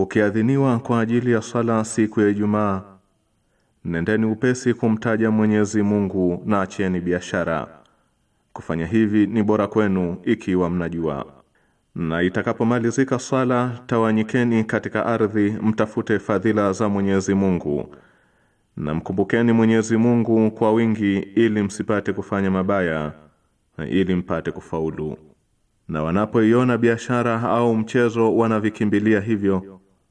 kukiadhiniwa kwa ajili ya sala siku ya Ijumaa, nendeni upesi kumtaja Mwenyezi Mungu na acheni biashara. Kufanya hivi ni bora kwenu ikiwa mnajua. Na itakapomalizika sala, tawanyikeni katika ardhi, mtafute fadhila za Mwenyezi Mungu na mkumbukeni Mwenyezi Mungu kwa wingi, ili msipate kufanya mabaya, ili mpate kufaulu. Na wanapoiona biashara au mchezo, wanavikimbilia hivyo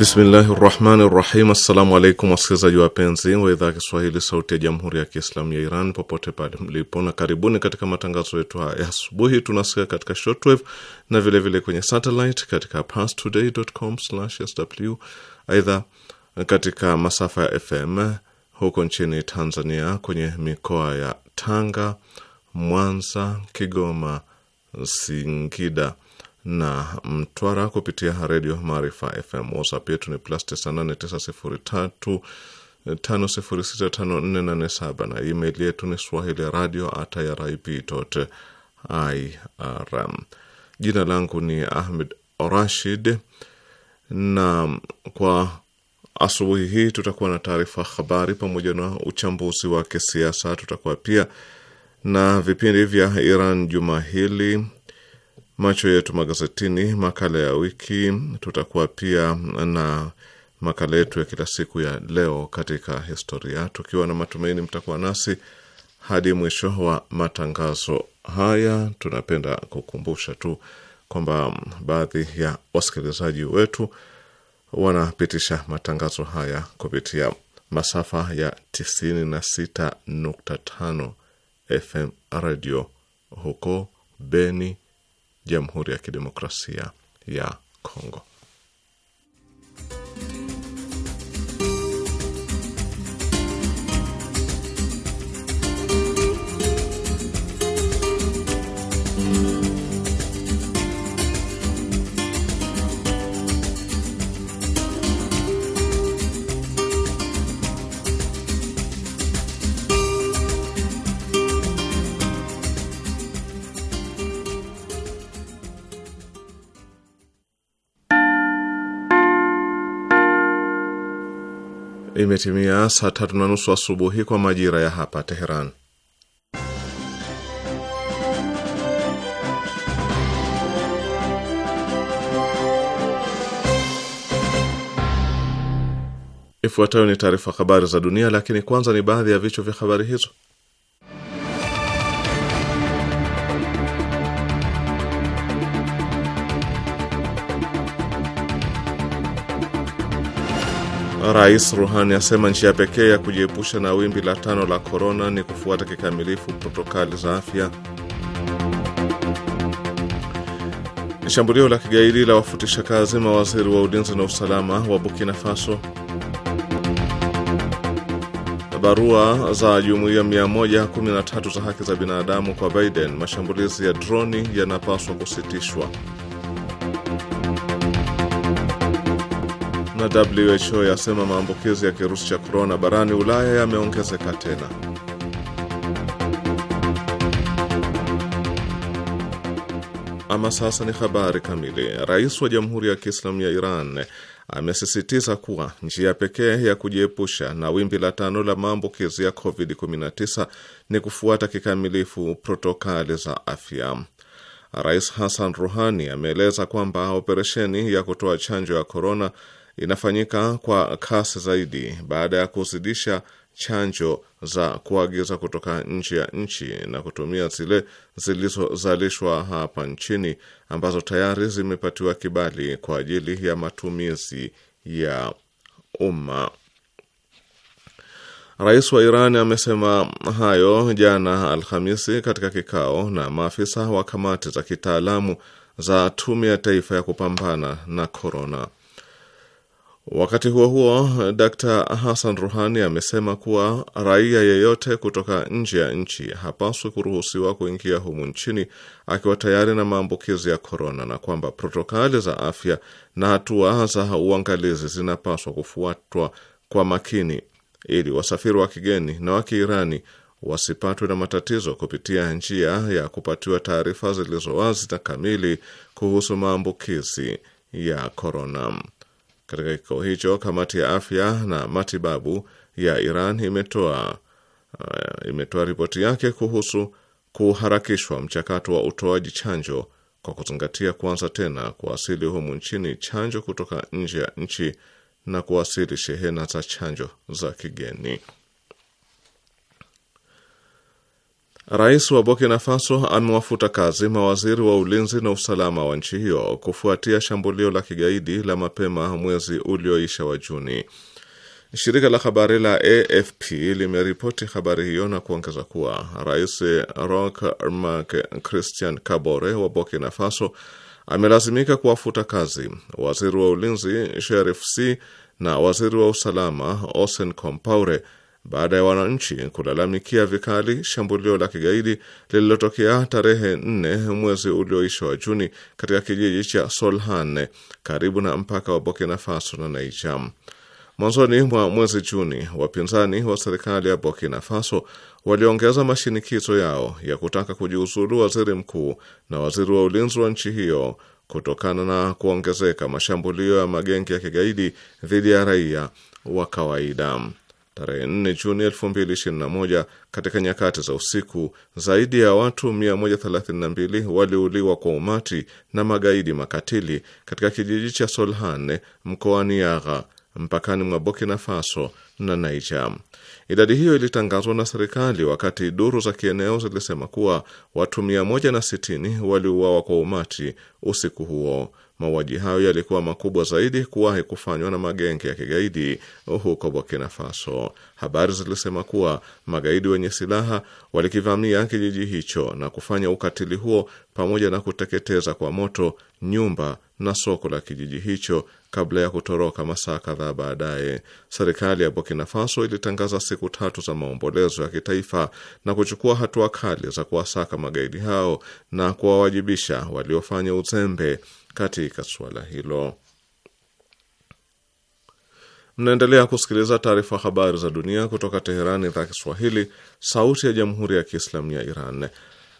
Bismillahi rahmani rahim. Assalamu alaikum wasikilizaji wapenzi wa idhaa ya Kiswahili sauti ya jamhuri ya Kiislamu ya Iran popote pale mlipo, na karibuni katika matangazo yetu haya asubuhi. Tunasikia katika shortwave na vilevile vile kwenye satellite katika parstoday.com/sw. Aidha, katika masafa ya FM huko nchini Tanzania kwenye mikoa ya Tanga, Mwanza, Kigoma, Singida na Mtwara kupitia redio Maarifa FM. WhatsApp yetu ni plus 989035065487 na email yetu ni swahili radio at irib.ir. Jina langu ni Ahmed Rashid, na kwa asubuhi hii tutakuwa na taarifa habari pamoja na uchambuzi wa kisiasa. Tutakuwa pia na vipindi vya Iran juma hili macho yetu magazetini, makala ya wiki. Tutakuwa pia na makala yetu ya kila siku ya leo katika historia, tukiwa na matumaini mtakuwa nasi hadi mwisho wa matangazo haya. Tunapenda kukumbusha tu kwamba baadhi ya wasikilizaji wetu wanapitisha matangazo haya kupitia masafa ya 96.5 FM radio huko Beni, Jamhuri ya Kidemokrasia ya Kongo. Imetimia saa tatu na nusu asubuhi kwa majira ya hapa Teheran. Ifuatayo ni taarifa habari za dunia, lakini kwanza ni baadhi ya vichwa vya habari hizo. Rais Ruhani asema njia pekee ya kujiepusha na wimbi la tano la korona ni kufuata kikamilifu protokali za afya. Shambulio la kigaidi la wafutisha kazi mawaziri wa ulinzi na usalama wa Burkina Faso. Barua za jumuiya 113 za haki za binadamu kwa Biden. Mashambulizi ya droni yanapaswa kusitishwa. na WHO yasema maambukizi ya kirusi cha korona barani Ulaya yameongezeka tena. Ama sasa ni habari kamili. Rais wa Jamhuri ya Kiislamu ya Iran amesisitiza kuwa njia pekee ya kujiepusha na wimbi la tano la maambukizi ya COVID-19 ni kufuata kikamilifu protokali za afya. Rais Hassan Rouhani ameeleza kwamba operesheni ya kutoa chanjo ya korona inafanyika kwa kasi zaidi baada ya kuzidisha chanjo za kuagiza kutoka nje ya nchi na kutumia zile zilizozalishwa hapa nchini ambazo tayari zimepatiwa kibali kwa ajili ya matumizi ya umma. Rais wa Iran amesema hayo jana Alhamisi katika kikao na maafisa wa kamati za kitaalamu za Tume ya Taifa ya Kupambana na Korona. Wakati huo huo, Dr Hassan Ruhani amesema kuwa raia yeyote kutoka nje ya nchi hapaswi kuruhusiwa kuingia humu nchini akiwa tayari na maambukizi ya korona, na kwamba protokali za afya na hatua za uangalizi zinapaswa kufuatwa kwa makini ili wasafiri wa kigeni na wa Kiirani wasipatwe na matatizo kupitia njia ya kupatiwa taarifa zilizo wazi na kamili kuhusu maambukizi ya korona. Katika kikao hicho, kamati ya afya na matibabu ya Iran imetoa uh, imetoa ripoti yake kuhusu kuharakishwa mchakato wa utoaji chanjo kwa kuzingatia kuanza tena kuwasili humu nchini chanjo kutoka nje ya nchi na kuwasili shehena za chanjo za kigeni. Rais wa Burkina Faso amewafuta kazi mawaziri wa ulinzi na usalama wa nchi hiyo kufuatia shambulio la kigaidi la mapema mwezi ulioisha wa Juni. Shirika la habari la AFP limeripoti habari hiyo na kuongeza kuwa Rais Roch Marc Christian Kabore wa Burkina Faso amelazimika kuwafuta kazi waziri wa ulinzi Sherif C na waziri wa usalama Osen Compaure baada ya wananchi kulalamikia vikali shambulio la kigaidi lililotokea tarehe nne mwezi ulioisha wa Juni katika kijiji cha Solhan karibu na mpaka wa Burkina Faso na Niger. Mwanzoni mwa mwezi Juni, wapinzani wa serikali ya Burkina Faso waliongeza mashinikizo yao ya kutaka kujiuzulu waziri mkuu na waziri wa ulinzi wa nchi hiyo kutokana na kuongezeka mashambulio ya magenge ya kigaidi dhidi ya raia wa kawaida tarehe 4 Juni 2021 katika nyakati za usiku, zaidi ya watu 132 waliuliwa kwa umati na magaidi makatili katika kijiji cha solhane mkoani Yagha mpakani mwa Burkina Faso na Niger. Idadi hiyo ilitangazwa na serikali wakati duru za kieneo zilisema kuwa watu 160 waliuawa kwa umati usiku huo. Mauaji hayo yalikuwa makubwa zaidi kuwahi kufanywa na magenge ya kigaidi huko Burkina Faso. Habari zilisema kuwa magaidi wenye silaha walikivamia kijiji hicho na kufanya ukatili huo pamoja na kuteketeza kwa moto nyumba na soko la kijiji hicho kabla ya kutoroka masaa kadhaa baadaye. Serikali ya Burkina Faso ilitangaza siku tatu za maombolezo ya kitaifa na kuchukua hatua kali za kuwasaka magaidi hao na kuwawajibisha waliofanya uzembe katika suala hilo. Mnaendelea kusikiliza taarifa habari za dunia kutoka Teherani, idhaa Kiswahili, sauti ya jamhuri ya kiislamu ya Iran.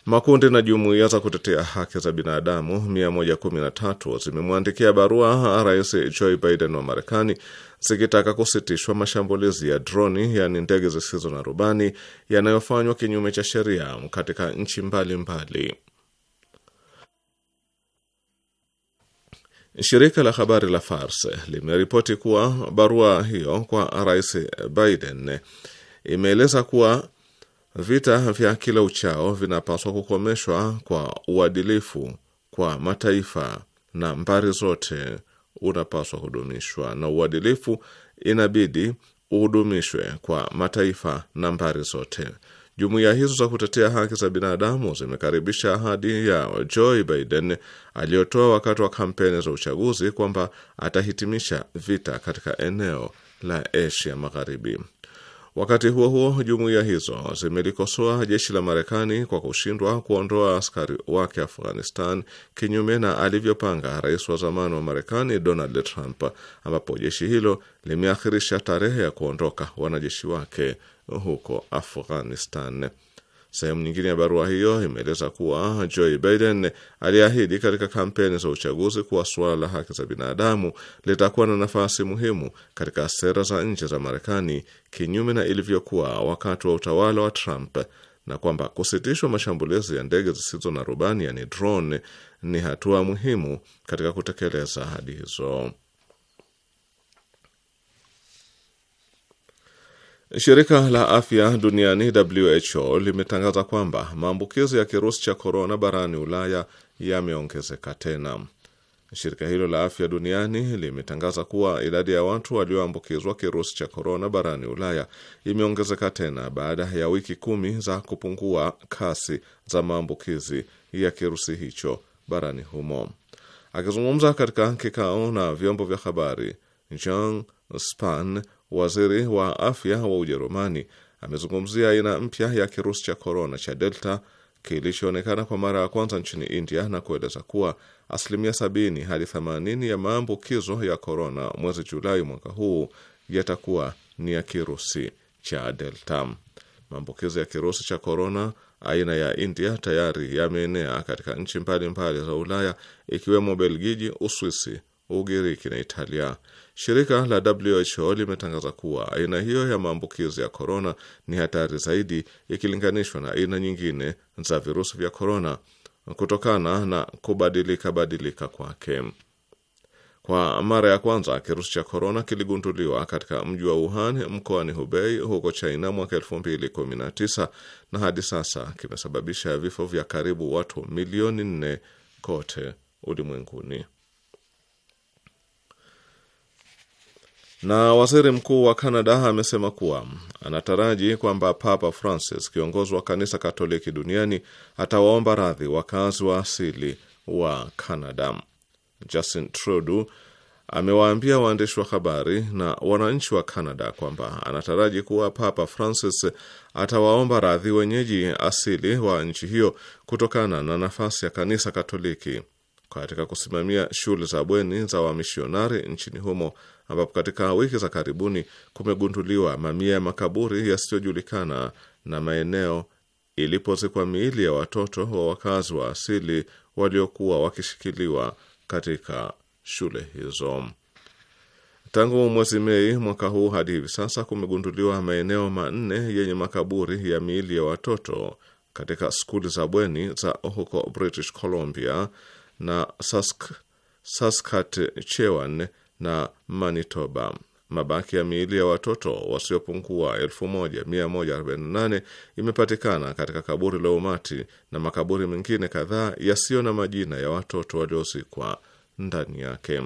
Makundi na jumuiya za kutetea haki za binadamu 113 zimemwandikia barua Rais Joe Biden wa Marekani zikitaka kusitishwa mashambulizi ya droni, yaani ndege zisizo na rubani, yanayofanywa kinyume cha sheria katika nchi mbalimbali. Shirika la habari la Fars limeripoti kuwa barua hiyo kwa Rais Biden imeeleza kuwa Vita vya kila uchao vinapaswa kukomeshwa kwa uadilifu kwa mataifa na mbari zote unapaswa kudumishwa, na uadilifu inabidi uhudumishwe kwa mataifa na mbari zote. Jumuiya hizo za kutetea haki za binadamu zimekaribisha ahadi ya Joe Biden aliyotoa wakati wa kampeni za uchaguzi kwamba atahitimisha vita katika eneo la Asia Magharibi. Wakati huo huo, jumuiya hizo zimelikosoa jeshi la Marekani kwa kushindwa kuondoa askari wake Afghanistan, kinyume na alivyopanga rais wa zamani wa Marekani Donald Trump, ambapo jeshi hilo limeakhirisha tarehe ya kuondoka wanajeshi wake huko Afghanistan. Sehemu nyingine ya barua hiyo imeeleza kuwa Joe Biden aliahidi katika kampeni za uchaguzi kuwa suala la haki za binadamu litakuwa na nafasi muhimu katika sera za nje za Marekani, kinyume na ilivyokuwa wakati wa utawala wa Trump, na kwamba kusitishwa mashambulizi ya ndege zisizo na rubani, yani drone, ni hatua muhimu katika kutekeleza ahadi hizo. Shirika la afya duniani WHO limetangaza kwamba maambukizi ya kirusi cha korona barani Ulaya yameongezeka tena. Shirika hilo la afya duniani limetangaza kuwa idadi ya watu walioambukizwa kirusi cha korona barani Ulaya imeongezeka tena baada ya wiki kumi za kupungua kasi za maambukizi ya kirusi hicho barani humo. Akizungumza katika kikao na vyombo vya habari, Jean Span waziri wa afya wa Ujerumani amezungumzia aina mpya ya kirusi cha korona cha Delta kilichoonekana kwa mara ya kwanza nchini India na kueleza kuwa asilimia 70 hadi 80 ya maambukizo ya korona mwezi Julai mwaka huu yatakuwa ni ya kirusi cha Delta. Maambukizo ya kirusi cha korona aina ya India tayari yameenea katika nchi mbalimbali za Ulaya ikiwemo Belgiji, Uswisi, Ugiriki na Italia. Shirika la WHO limetangaza kuwa aina hiyo ya maambukizi ya korona ni hatari zaidi ikilinganishwa na aina nyingine za virusi vya korona kutokana na kubadilika badilika kwake. Kwa mara ya kwanza kirusi cha korona kiligunduliwa katika mji wa Wuhan mkoani Hubei huko China mwaka 2019 na hadi sasa kimesababisha vifo vya karibu watu milioni nne kote ulimwenguni. Na waziri mkuu wa Kanada amesema kuwa anataraji kwamba Papa Francis, kiongozi wa kanisa Katoliki duniani, atawaomba radhi wakazi wa asili wa Kanada. Justin Trudeau amewaambia waandishi wa habari na wananchi wa Kanada kwamba anataraji kuwa Papa Francis atawaomba radhi wenyeji asili wa nchi hiyo kutokana na nafasi ya kanisa Katoliki katika kusimamia shule za bweni za wamishionari nchini humo, ambapo katika wiki za karibuni kumegunduliwa mamia ya makaburi yasiyojulikana na maeneo ilipozikwa miili ya watoto wa wakazi wa asili waliokuwa wakishikiliwa katika shule hizo. Tangu mwezi Mei mwaka huu hadi hivi sasa kumegunduliwa maeneo manne yenye makaburi ya miili ya watoto katika skuli za bweni za huko British Columbia na Sask, Saskatchewan na Manitoba. Mabaki ya miili ya watoto wasiopungua 1148 imepatikana katika kaburi la umati na makaburi mengine kadhaa yasiyo na majina ya watoto waliozikwa ndani yake.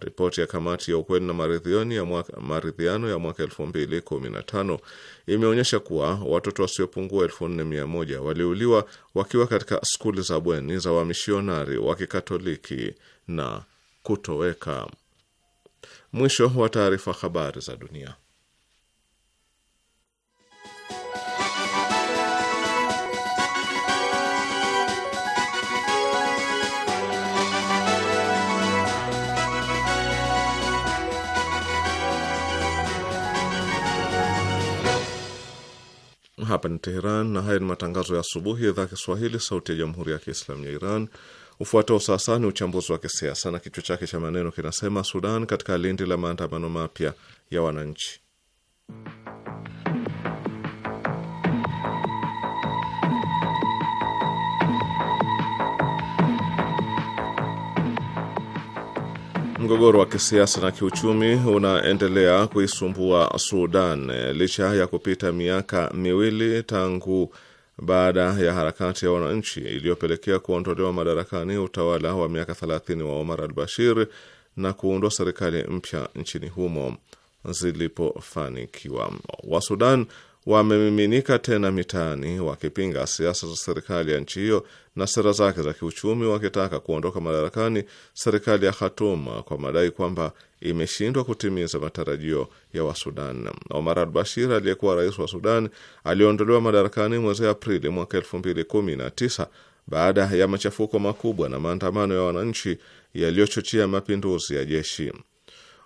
Ripoti ya kamati ya ukweli na maridhiano ya mwaka, maridhiano ya mwaka 2015 imeonyesha kuwa watoto wasiopungua 4100 waliuliwa wakiwa katika skuli za bweni za wamishionari wa Kikatoliki na kutoweka. Mwisho wa taarifa. Habari za dunia. Hapa ni Teheran na haya ni matangazo ya asubuhi idhaa Kiswahili sauti ya jamhuri ya kiislamu ya Iran. Ufuatao sasa ni uchambuzi wa kisiasa na kichwa chake cha maneno kinasema Sudan katika lindi la maandamano mapya ya wananchi. Mgogoro wa kisiasa na kiuchumi unaendelea kuisumbua Sudan licha ya kupita miaka miwili tangu baada ya harakati ya wananchi iliyopelekea kuondolewa madarakani utawala wa miaka 30 wa Omar al-Bashir na kuundwa serikali mpya nchini humo zilipofanikiwa. Wasudan wamemiminika tena mitaani wakipinga siasa za serikali ya nchi hiyo na sera zake za kiuchumi, wakitaka kuondoka madarakani serikali ya Khatuma kwa madai kwamba imeshindwa kutimiza matarajio ya Wasudan. Omar al Bashir aliyekuwa rais wa Sudan aliondolewa madarakani mwezi Aprili mwaka tisa baada ya machafuko makubwa na maandamano ya wananchi yaliyochochea mapinduzi ya jeshi.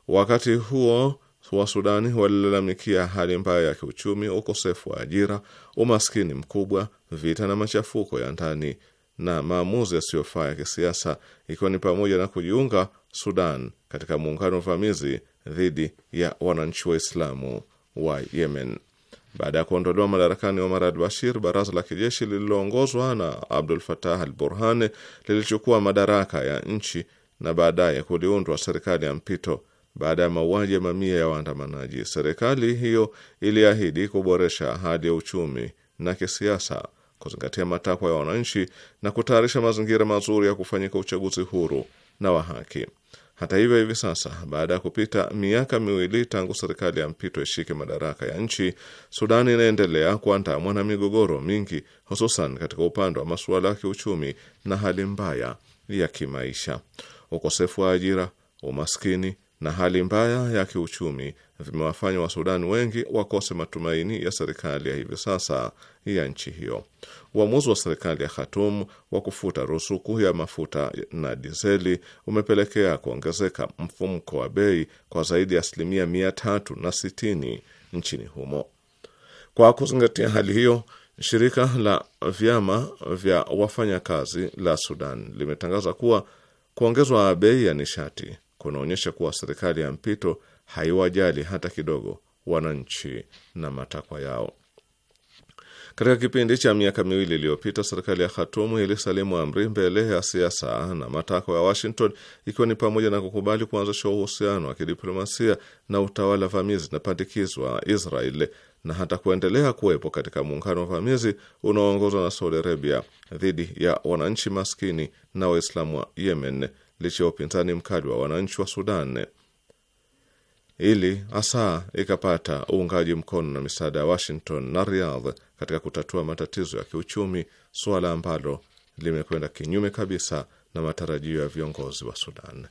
Wakati huo wa Sudani walilalamikia hali mbaya ya kiuchumi, ukosefu wa ajira, umaskini mkubwa, vita na machafuko ya ndani na maamuzi yasiyofaa ya kisiasa, ikiwa ni pamoja na kujiunga Sudan katika muungano vamizi dhidi ya wananchi Waislamu wa Yemen. Baada ya kuondolewa madarakani Omar al Bashir, baraza la kijeshi lililoongozwa na Abdul Fatah al Burhan lilichukua madaraka ya nchi na baadaye kuliundwa serikali ya mpito baada ya mauaji ya mamia ya waandamanaji. Serikali hiyo iliahidi kuboresha hali ya uchumi na kisiasa, kuzingatia matakwa ya wananchi na kutayarisha mazingira mazuri ya kufanyika uchaguzi huru na wa haki. Hata hivyo, hivi sasa baada ya kupita miaka miwili tangu serikali ya mpito ishike madaraka ya nchi, Sudani inaendelea kuandamwa na migogoro mingi, hususan katika upande wa masuala ya kiuchumi na hali mbaya ya kimaisha. Ukosefu wa ajira, umaskini na hali mbaya ya kiuchumi vimewafanya Wasudani wengi wakose matumaini ya serikali ya hivi sasa ya nchi hiyo. Uamuzi wa serikali ya Khartoum wa kufuta rusuku ya mafuta na dizeli umepelekea kuongezeka mfumko wa bei kwa zaidi ya asilimia mia tatu na sitini nchini humo. Kwa kuzingatia hali hiyo, shirika la vyama vya wafanyakazi la Sudan limetangaza kuwa kuongezwa bei ya nishati kunaonyesha kuwa serikali ya mpito haiwajali hata kidogo wananchi na matakwa yao. Katika kipindi cha miaka miwili iliyopita, serikali ya Khatumu ilisalimu amri mbele ya siasa na matakwa ya Washington, ikiwa ni pamoja na kukubali kuanzisha uhusiano wa kidiplomasia na utawala vamizi na pandikizwa Israel na hata kuendelea kuwepo katika muungano wa vamizi unaoongozwa na Saudi Arabia dhidi ya wananchi maskini na Waislamu wa Yemen licha ya upinzani mkali wa wananchi wa Sudan ili hasa ikapata uungaji mkono na misaada ya Washington na Riyadh katika kutatua matatizo ya kiuchumi, suala ambalo limekwenda kinyume kabisa na matarajio ya viongozi wa Sudan.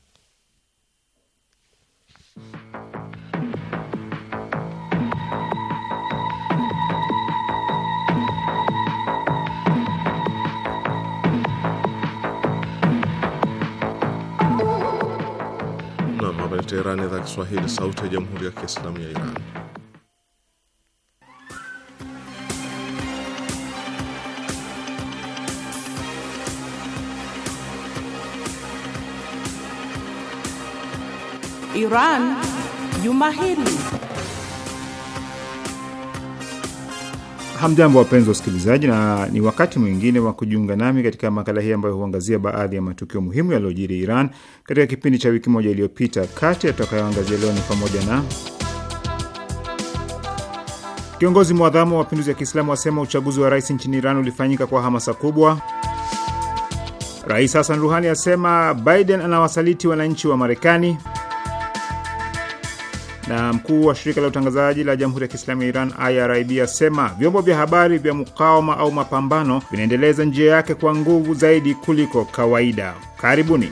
Teherani, idhaa Kiswahili, sauti ya jamhuri ya kiislamu ya Iran. Iran Juma Hili. Hamjambo, wapenzi wa usikilizaji, na ni wakati mwingine wa kujiunga nami katika makala hii ambayo huangazia baadhi ya matukio muhimu yaliyojiri Iran katika kipindi cha wiki moja iliyopita. Kati yatakayoangazia leo ni pamoja na kiongozi mwadhamu wa mapinduzi ya Kiislamu asema uchaguzi wa rais nchini Iran ulifanyika kwa hamasa kubwa. Rais Hasan Ruhani asema Biden anawasaliti wananchi wa Marekani. Na mkuu wa shirika la utangazaji la Jamhuri ya Kiislamu ya Iran IRIB asema vyombo vya habari vya mukawama au mapambano vinaendeleza njia yake kwa nguvu zaidi kuliko kawaida. Karibuni.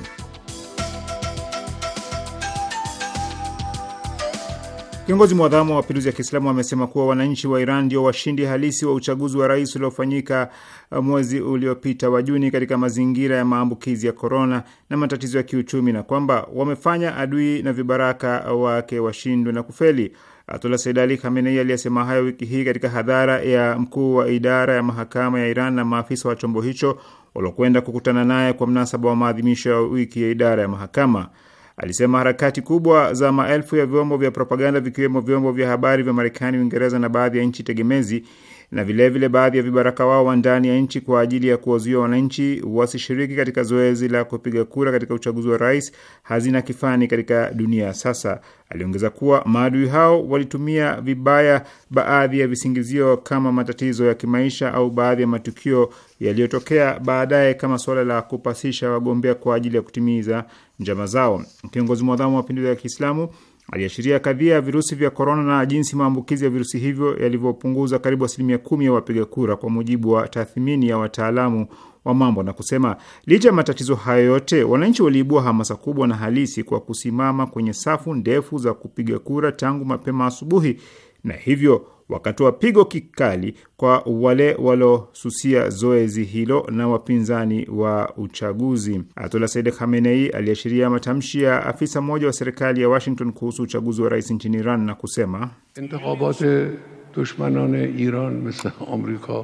Kiongozi mwadhamu wa mapinduzi ya Kiislamu amesema kuwa wananchi wa Iran ndio washindi halisi wa uchaguzi wa rais uliofanyika uh, mwezi uliopita wa Juni katika mazingira ya maambukizi ya korona na matatizo ya kiuchumi, na kwamba wamefanya adui na vibaraka wake washindwe na kufeli. Ayatullah Sayyid Ali Khamenei aliyesema hayo wiki hii katika hadhara ya mkuu wa idara ya mahakama ya Iran na maafisa wa chombo hicho waliokwenda kukutana naye kwa mnasaba wa maadhimisho ya wiki ya idara ya mahakama. Alisema harakati kubwa za maelfu ya vyombo vya propaganda vikiwemo vyombo vya habari vya Marekani, Uingereza na baadhi ya nchi tegemezi na vilevile vile baadhi ya vibaraka wao wa ndani ya nchi kwa ajili ya kuwazuia wananchi wasishiriki katika zoezi la kupiga kura katika uchaguzi wa rais hazina kifani katika dunia sasa. Aliongeza kuwa maadui hao walitumia vibaya baadhi ya visingizio kama matatizo ya kimaisha au baadhi ya matukio yaliyotokea baadaye kama suala la kupasisha wagombea kwa ajili ya kutimiza njama zao. Kiongozi mwadhamu wa mapinduzi ya Kiislamu Aliashiria kadhia ya virusi vya korona na jinsi maambukizi ya virusi hivyo yalivyopunguza karibu asilimia kumi ya wapiga kura kwa mujibu wa tathmini ya wataalamu wa mambo na kusema licha ya matatizo hayo yote, wananchi waliibua hamasa kubwa na halisi kwa kusimama kwenye safu ndefu za kupiga kura tangu mapema asubuhi, na hivyo wakatoa pigo kikali kwa wale walosusia zoezi hilo na wapinzani wa uchaguzi. Ayatollah Said Khamenei aliashiria matamshi ya afisa mmoja wa serikali ya Washington kuhusu uchaguzi wa rais nchini Iran na kusema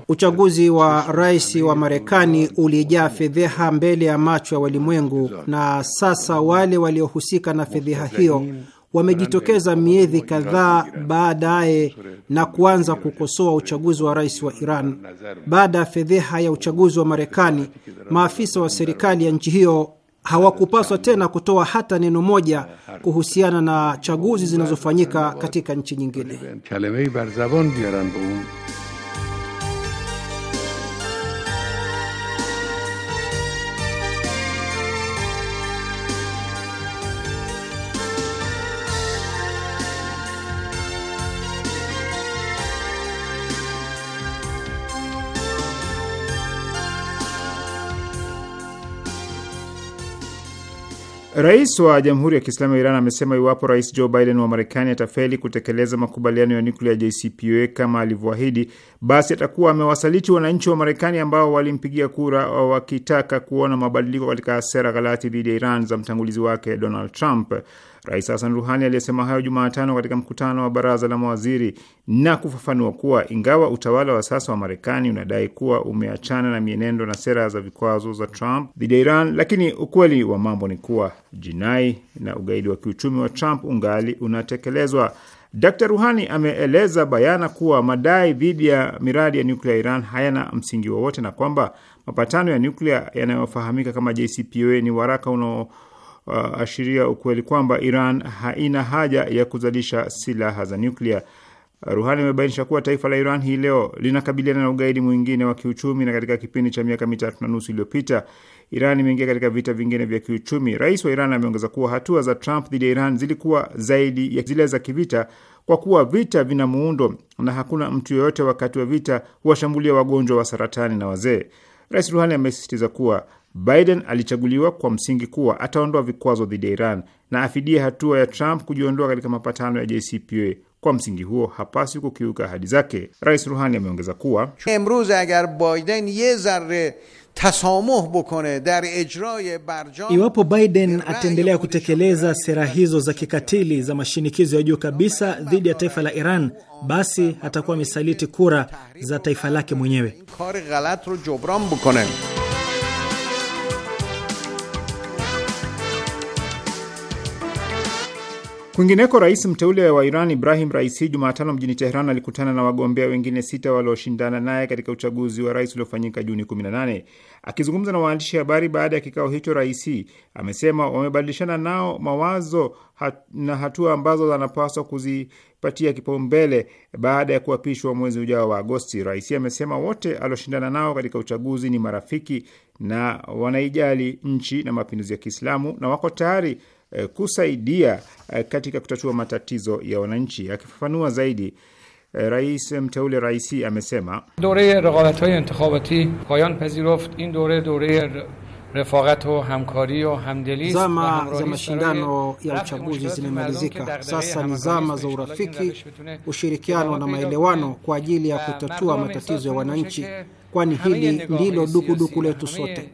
Uchaguzi wa rais wa Marekani ulijaa fedheha mbele ya macho ya walimwengu, na sasa wale waliohusika na fedheha hiyo wamejitokeza miezi kadhaa baadaye na kuanza kukosoa uchaguzi wa rais wa Iran. Baada ya fedheha ya uchaguzi wa Marekani, maafisa wa serikali ya nchi hiyo hawakupaswa tena kutoa hata neno moja kuhusiana na chaguzi zinazofanyika katika nchi nyingine. Rais wa Jamhuri ya Kiislamu ya Iran amesema iwapo Rais Joe Biden wa Marekani atafeli kutekeleza makubaliano ya nuklia JCPOA kama alivyoahidi, basi atakuwa amewasaliti wananchi wa Marekani ambao walimpigia kura wakitaka kuona mabadiliko katika sera ghalati dhidi ya Iran za mtangulizi wake Donald Trump. Rais Hasan Ruhani aliyesema hayo Jumatano katika mkutano wa baraza la mawaziri na kufafanua kuwa ingawa utawala wa sasa wa Marekani unadai kuwa umeachana na mienendo na sera za vikwazo za Trump dhidi ya Iran, lakini ukweli wa mambo ni kuwa jinai na ugaidi wa kiuchumi wa Trump ungali unatekelezwa. Dr Ruhani ameeleza bayana kuwa madai dhidi ya miradi ya nyuklia ya Iran hayana msingi wowote na kwamba mapatano ya nyuklia yanayofahamika kama JCPOA ni waraka unao kuashiria uh, ukweli kwamba Iran haina haja ya kuzalisha silaha za nyuklia. Uh, Ruhani amebainisha kuwa taifa la Iran hii leo linakabiliana na ugaidi mwingine wa kiuchumi, na katika kipindi cha miaka mitatu na nusu iliyopita Iran imeingia katika vita vingine vya kiuchumi. Rais wa Iran ameongeza kuwa hatua za Trump dhidi ya Iran zilikuwa zaidi ya zile za kivita, kwa kuwa vita vina muundo na hakuna mtu yoyote wakati wa vita huwashambulia wagonjwa wa saratani na wazee. Rais Ruhani amesisitiza kuwa Biden alichaguliwa kwa msingi kuwa ataondoa vikwazo dhidi ya Iran na afidie hatua ya Trump kujiondoa katika mapatano ya JCPOA. Kwa msingi huo hapasi kukiuka ahadi zake. Rais Ruhani ameongeza kuwa emruz agar Biden ye zarre Iwapo Biden ataendelea kutekeleza sera hizo za kikatili za mashinikizo ya juu kabisa dhidi ya taifa la Iran, basi atakuwa amesaliti kura za taifa lake mwenyewe. Kwingineko, rais mteule wa Iran Ibrahim Raisi Jumatano mjini Teheran alikutana na wagombea wengine sita walioshindana naye katika uchaguzi wa rais uliofanyika Juni 18. Akizungumza na waandishi habari baada ya kikao hicho, Raisi amesema wamebadilishana nao mawazo hat, na hatua ambazo anapaswa kuzipatia kipaumbele baada ya kuapishwa mwezi ujao wa Agosti. Raisi amesema wote alioshindana nao katika uchaguzi ni marafiki na wanaijali nchi na mapinduzi ya Kiislamu na wako tayari Eh, kusaidia eh, katika kutatua matatizo ya wananchi. Akifafanua zaidi eh, Rais mteule Raisi amesema zama za mashindano ya uchaguzi zimemalizika. Sasa ni zama za urafiki, ushirikiano na maelewano kwa ajili ya kutatua matatizo ya wananchi, kwani hili ndilo dukuduku letu sote.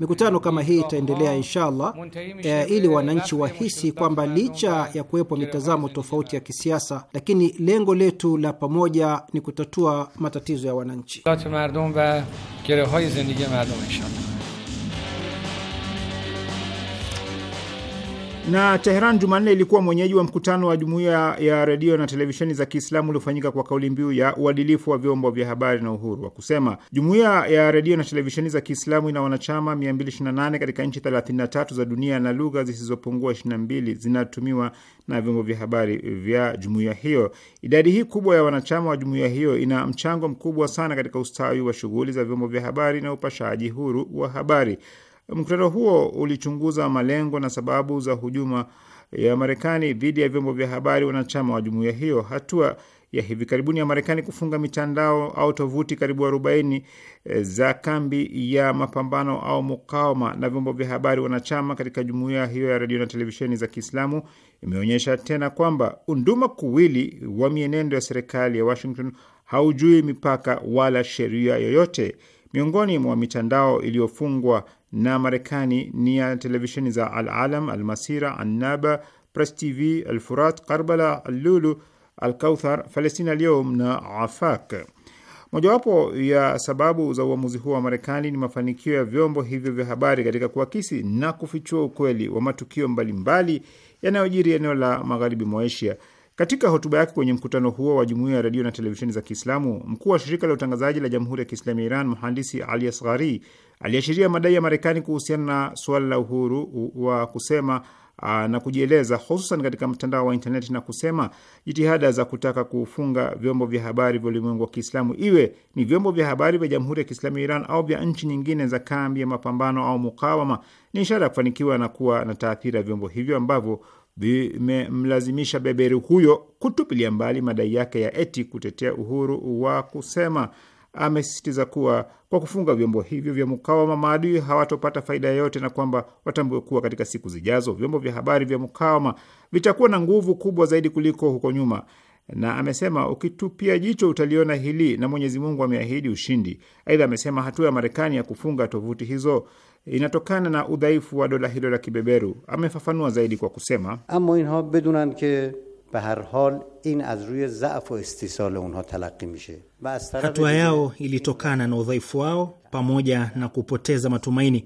Mikutano kama hii itaendelea inshallah, e, ili wananchi wahisi kwamba licha ya kuwepo mitazamo tofauti ya kisiasa, lakini lengo letu la pamoja ni kutatua matatizo ya wananchi. Na Teheran Jumanne ilikuwa mwenyeji wa mkutano wa jumuiya ya redio na televisheni za Kiislamu uliofanyika kwa kauli mbiu ya uadilifu wa vyombo vya habari na uhuru wa kusema. Jumuiya ya redio na televisheni za Kiislamu ina wanachama 228 katika nchi 33 za dunia na lugha zisizopungua 22 zinatumiwa na vyombo vya habari vya jumuiya hiyo. Idadi hii kubwa ya wanachama wa jumuiya hiyo ina mchango mkubwa sana katika ustawi wa shughuli za vyombo vya habari na upashaji huru wa habari. Mkutano huo ulichunguza malengo na sababu za hujuma ya Marekani dhidi ya vyombo vya habari wanachama wa jumuiya hiyo. Hatua ya hivi karibuni ya Marekani kufunga mitandao au tovuti karibu 40 eh, za kambi ya mapambano au mukawama na vyombo vya habari wanachama katika jumuiya hiyo ya redio na televisheni za Kiislamu imeonyesha tena kwamba unduma kuwili wa mienendo ya serikali ya Washington haujui mipaka wala sheria yoyote. Miongoni mwa mitandao iliyofungwa na Marekani ni ya televisheni za Alalam, Almasira, Annaba, Press TV, Alfurat, Karbala, Allulu, Alkauthar, Falestina Alyom na Afak. Mojawapo ya sababu za uamuzi huo wa Marekani ni mafanikio ya vyombo hivyo vya habari katika kuakisi na kufichua ukweli wa matukio mbalimbali yanayojiri eneo la magharibi mwa Asia. Katika hotuba yake kwenye mkutano huo wa jumuiya ya redio na televisheni za Kiislamu, mkuu wa shirika la utangazaji la jamhuri ya Kiislamu ya Iran mhandisi Ali Asghari aliashiria madai ya Marekani kuhusiana na suala la uhuru wa kusema na kujieleza hususan katika mtandao wa intaneti na kusema jitihada za kutaka kufunga vyombo vya habari vya ulimwengu wa Kiislamu, iwe ni vyombo vya habari vya Jamhuri ya Kiislamu ya Iran au vya nchi nyingine za kambi ya mapambano au mukawama, ni ishara ya kufanikiwa na kuwa na taathira vyombo hivyo ambavyo vimemlazimisha beberu huyo kutupilia mbali madai yake ya eti kutetea uhuru wa kusema. Amesisitiza kuwa kwa kufunga vyombo hivyo vya mkawama, maadui hawatopata faida yoyote, na kwamba watambue kuwa katika siku zijazo vyombo vya habari vya mkawama vitakuwa na nguvu kubwa zaidi kuliko huko nyuma. Na amesema ukitupia jicho utaliona hili, na Mwenyezi Mungu ameahidi ushindi. Aidha amesema hatua ya Marekani ya kufunga tovuti hizo inatokana na udhaifu wa dola hilo la kibeberu. Amefafanua zaidi kwa kusema, amma inha bedunan ke be har hal in az ruye zaf wa istisal unha talaqi mishe. Hatua yao ilitokana na udhaifu wao pamoja na kupoteza matumaini.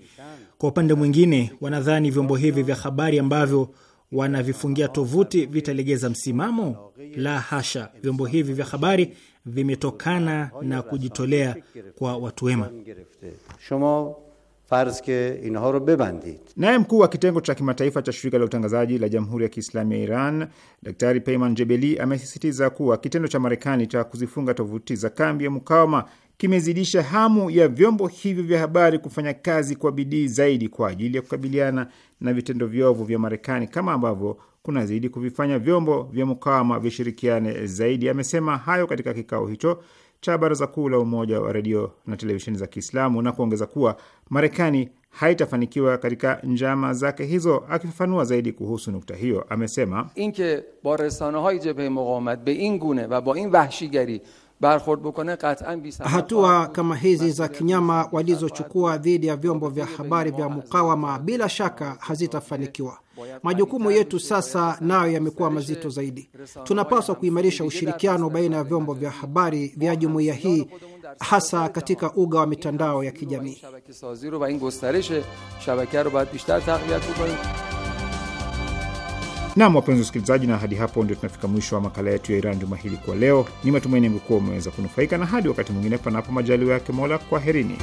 Kwa upande mwingine, wanadhani vyombo hivi vya habari ambavyo wanavifungia tovuti vitalegeza msimamo? La hasha, vyombo hivi vya habari vimetokana na kujitolea kwa watu wema farz ke inha ro bebandid. Naye mkuu wa kitengo cha kimataifa cha shirika la utangazaji la Jamhuri ya Kiislamu ya Iran, Daktari Peyman Jebeli amesisitiza kuwa kitendo cha Marekani cha kuzifunga tovuti za kambi ya mukawama kimezidisha hamu ya vyombo hivyo vya habari kufanya kazi kwa bidii zaidi kwa ajili ya kukabiliana na vitendo vyovu vya Marekani kama ambavyo kunazidi kuvifanya vyombo vya mukawama vishirikiane zaidi. Amesema hayo katika kikao hicho cha Baraza Kuu la Umoja wa Redio na Televisheni za Kiislamu na kuongeza kuwa Marekani haitafanikiwa katika njama zake hizo. Akifafanua zaidi kuhusu nukta hiyo, amesema inke ba resanahai jabhe jebhe muqawamat be in gune ba in wahshigari hatua kama hizi za kinyama walizochukua dhidi ya vyombo vya habari vya mukawama bila shaka hazitafanikiwa. Majukumu yetu sasa nayo yamekuwa mazito zaidi. Tunapaswa kuimarisha ushirikiano baina ya vyombo vya habari vya jumuiya hii, hasa katika uga wa mitandao ya kijamii. Nam, wapenzi wasikilizaji, na hadi hapo ndio tunafika mwisho wa makala yetu ya Iran juma hili kwa leo. Ni matumaini yangu kuwa umeweza kunufaika, na hadi wakati mwingine, panapo majaliwa yake Mola, kwaherini.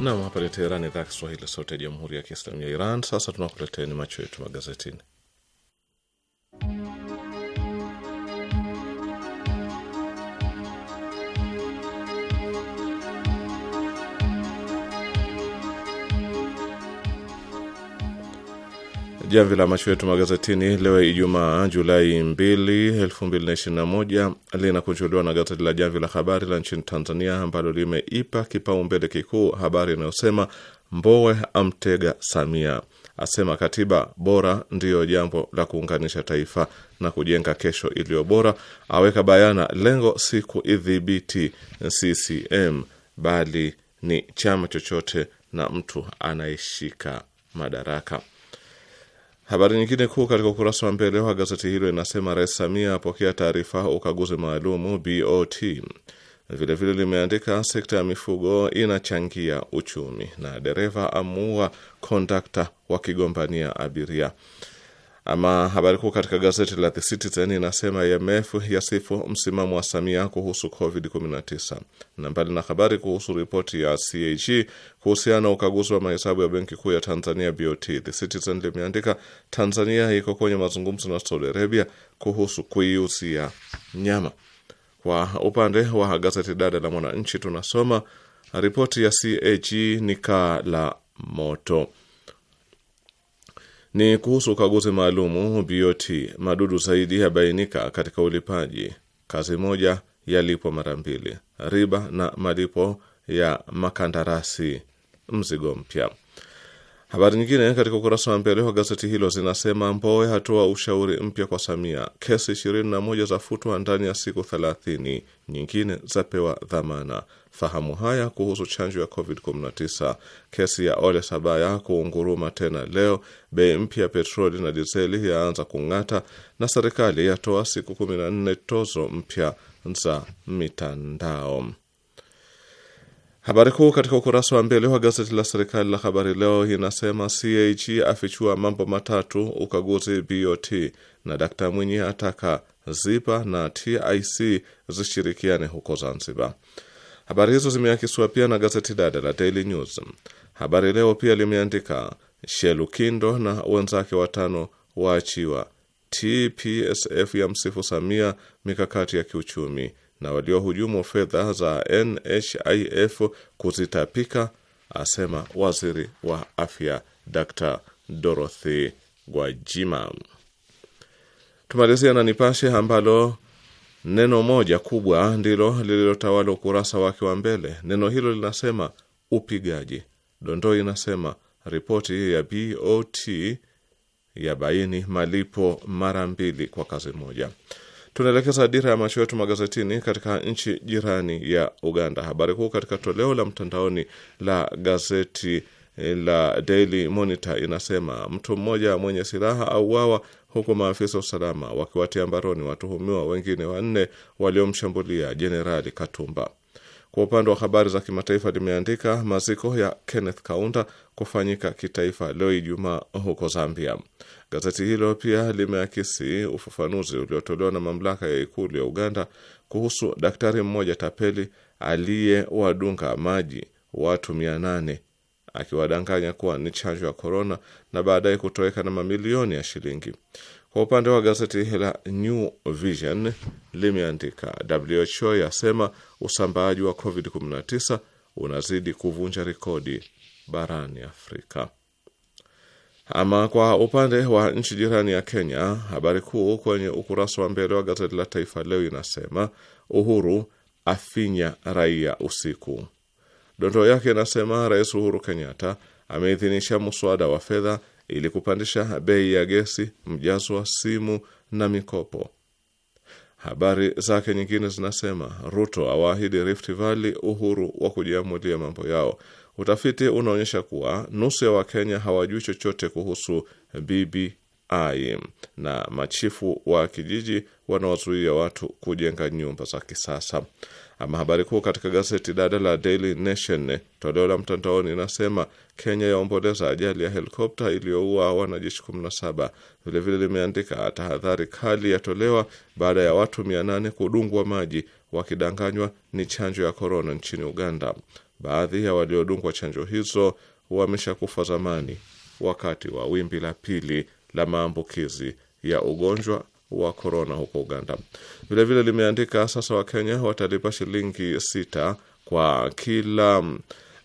Nam, hapa ni Teherani, idhaa ya Kiswahili, sauti ya jamhuri ya kiislamu ya Iran. Sasa tunakuletea ni macho yetu magazetini. Jamvi la macho yetu magazetini leo Ijumaa Julai 2, 2021 linakunjuliwa na gazeti la Jamvi la Habari la nchini Tanzania ambalo limeipa kipaumbele kikuu habari inayosema Mbowe amtega Samia, asema katiba bora ndiyo jambo la kuunganisha taifa na kujenga kesho iliyo bora, aweka bayana lengo si kuidhibiti CCM bali ni chama chochote na mtu anayeshika madaraka. Habari nyingine kuu katika ukurasa wa mbele wa gazeti hilo inasema Rais Samia apokea taarifa ukaguzi maalumu BOT. Vilevile limeandika sekta ya mifugo inachangia uchumi, na dereva amuua kondakta wakigombania abiria. Ama habari kuu katika gazeti la The Citizen inasema IMF yasifu msimamo wa Samia kuhusu COVID-19. Na mbali na habari kuhusu ripoti ya CAG e kuhusiana na ukaguzi wa mahesabu ya benki kuu ya Tanzania BOT, The Citizen limeandika Tanzania iko kwenye mazungumzo na Saudi Arabia kuhusu kuiuzia nyama. Kwa upande wa gazeti dada la Mwananchi tunasoma ripoti ya CAG e ni kaa la moto ni kuhusu ukaguzi maalumu BOT, madudu zaidi yabainika katika ulipaji, kazi moja yalipo mara mbili, riba na malipo ya makandarasi, mzigo mpya. Habari nyingine katika ukurasa wa mbele wa gazeti hilo zinasema: Mbowe hatoa ushauri mpya kwa Samia, kesi 21 za futwa ndani ya siku 30, nyingine zapewa dhamana. Fahamu haya kuhusu chanjo ya COVID-19. Kesi ya Ole Sabaya kuunguruma tena leo. Bei mpya ya petroli na dizeli yaanza kung'ata, na serikali yatoa siku 14 tozo mpya za mitandao. Habari kuu katika ukurasa wa mbele wa gazeti la serikali la Habari Leo inasema CAG afichua mambo matatu ukaguzi BOT, na Dkt Mwinyi ataka ZIPA na TIC zishirikiane huko Zanzibar. Habari hizo zimeakisiwa pia na gazeti dada la Daily News. Habari Leo pia limeandika Shelukindo na wenzake watano waachiwa, TPSF ya msifu Samia mikakati ya kiuchumi na waliohujumu fedha za NHIF kuzitapika, asema waziri wa afya Dr. Dorothy Gwajima. Tumalizia na Nipashe ambalo neno moja kubwa ndilo lililotawala ukurasa wake wa mbele. Neno hilo linasema upigaji. Dondoo inasema ripoti ya BOT ya baini malipo mara mbili kwa kazi moja. Tunaelekeza dira ya macho yetu magazetini katika nchi jirani ya Uganda. Habari kuu katika toleo la mtandaoni la gazeti eh, la Daily Monitor inasema mtu mmoja mwenye silaha auawa huku maafisa usalama wakiwatia mbaroni watuhumiwa wengine wanne waliomshambulia Jenerali Katumba. Kwa upande wa habari za kimataifa limeandika maziko ya Kenneth Kaunda kufanyika kitaifa leo Ijumaa huko Zambia. Gazeti hilo pia limeakisi ufafanuzi uliotolewa na mamlaka ya ikulu ya Uganda kuhusu daktari mmoja tapeli aliyewadunga maji watu mia nane akiwadanganya kuwa ni chanjo ya korona na baadaye kutoweka na mamilioni ya shilingi. Kwa upande wa gazeti la New Vision limeandika WHO yasema usambaaji wa COVID-19 unazidi kuvunja rekodi barani Afrika. Ama kwa upande wa nchi jirani ya Kenya, habari kuu kwenye ukurasa wa mbele wa gazeti la Taifa Leo inasema Uhuru afinya raia usiku. Dondoo yake inasema Rais Uhuru Kenyatta ameidhinisha mswada wa fedha ili kupandisha bei ya gesi, mjazo wa simu na mikopo. Habari zake nyingine zinasema Ruto awaahidi Rift Valley uhuru wa kujiamulia mambo yao. Utafiti unaonyesha kuwa nusu ya Wakenya hawajui chochote kuhusu BBI ai na machifu wa kijiji wanawazuia watu kujenga nyumba za kisasa. Ama habari kuu katika gazeti dada la Daily Nation toleo la mtandaoni inasema Kenya yaomboleza ajali ya helikopta iliyoua wanajeshi 17. Vilevile limeandika tahadhari kali yatolewa baada ya watu 800 kudungwa maji wakidanganywa ni chanjo ya korona nchini Uganda. Baadhi ya waliodungwa chanjo hizo wameshakufa zamani wakati wa wimbi la pili la maambukizi ya ugonjwa wa korona huko Uganda. Vilevile limeandika sasa Wakenya watalipa shilingi sita kwa kila mm,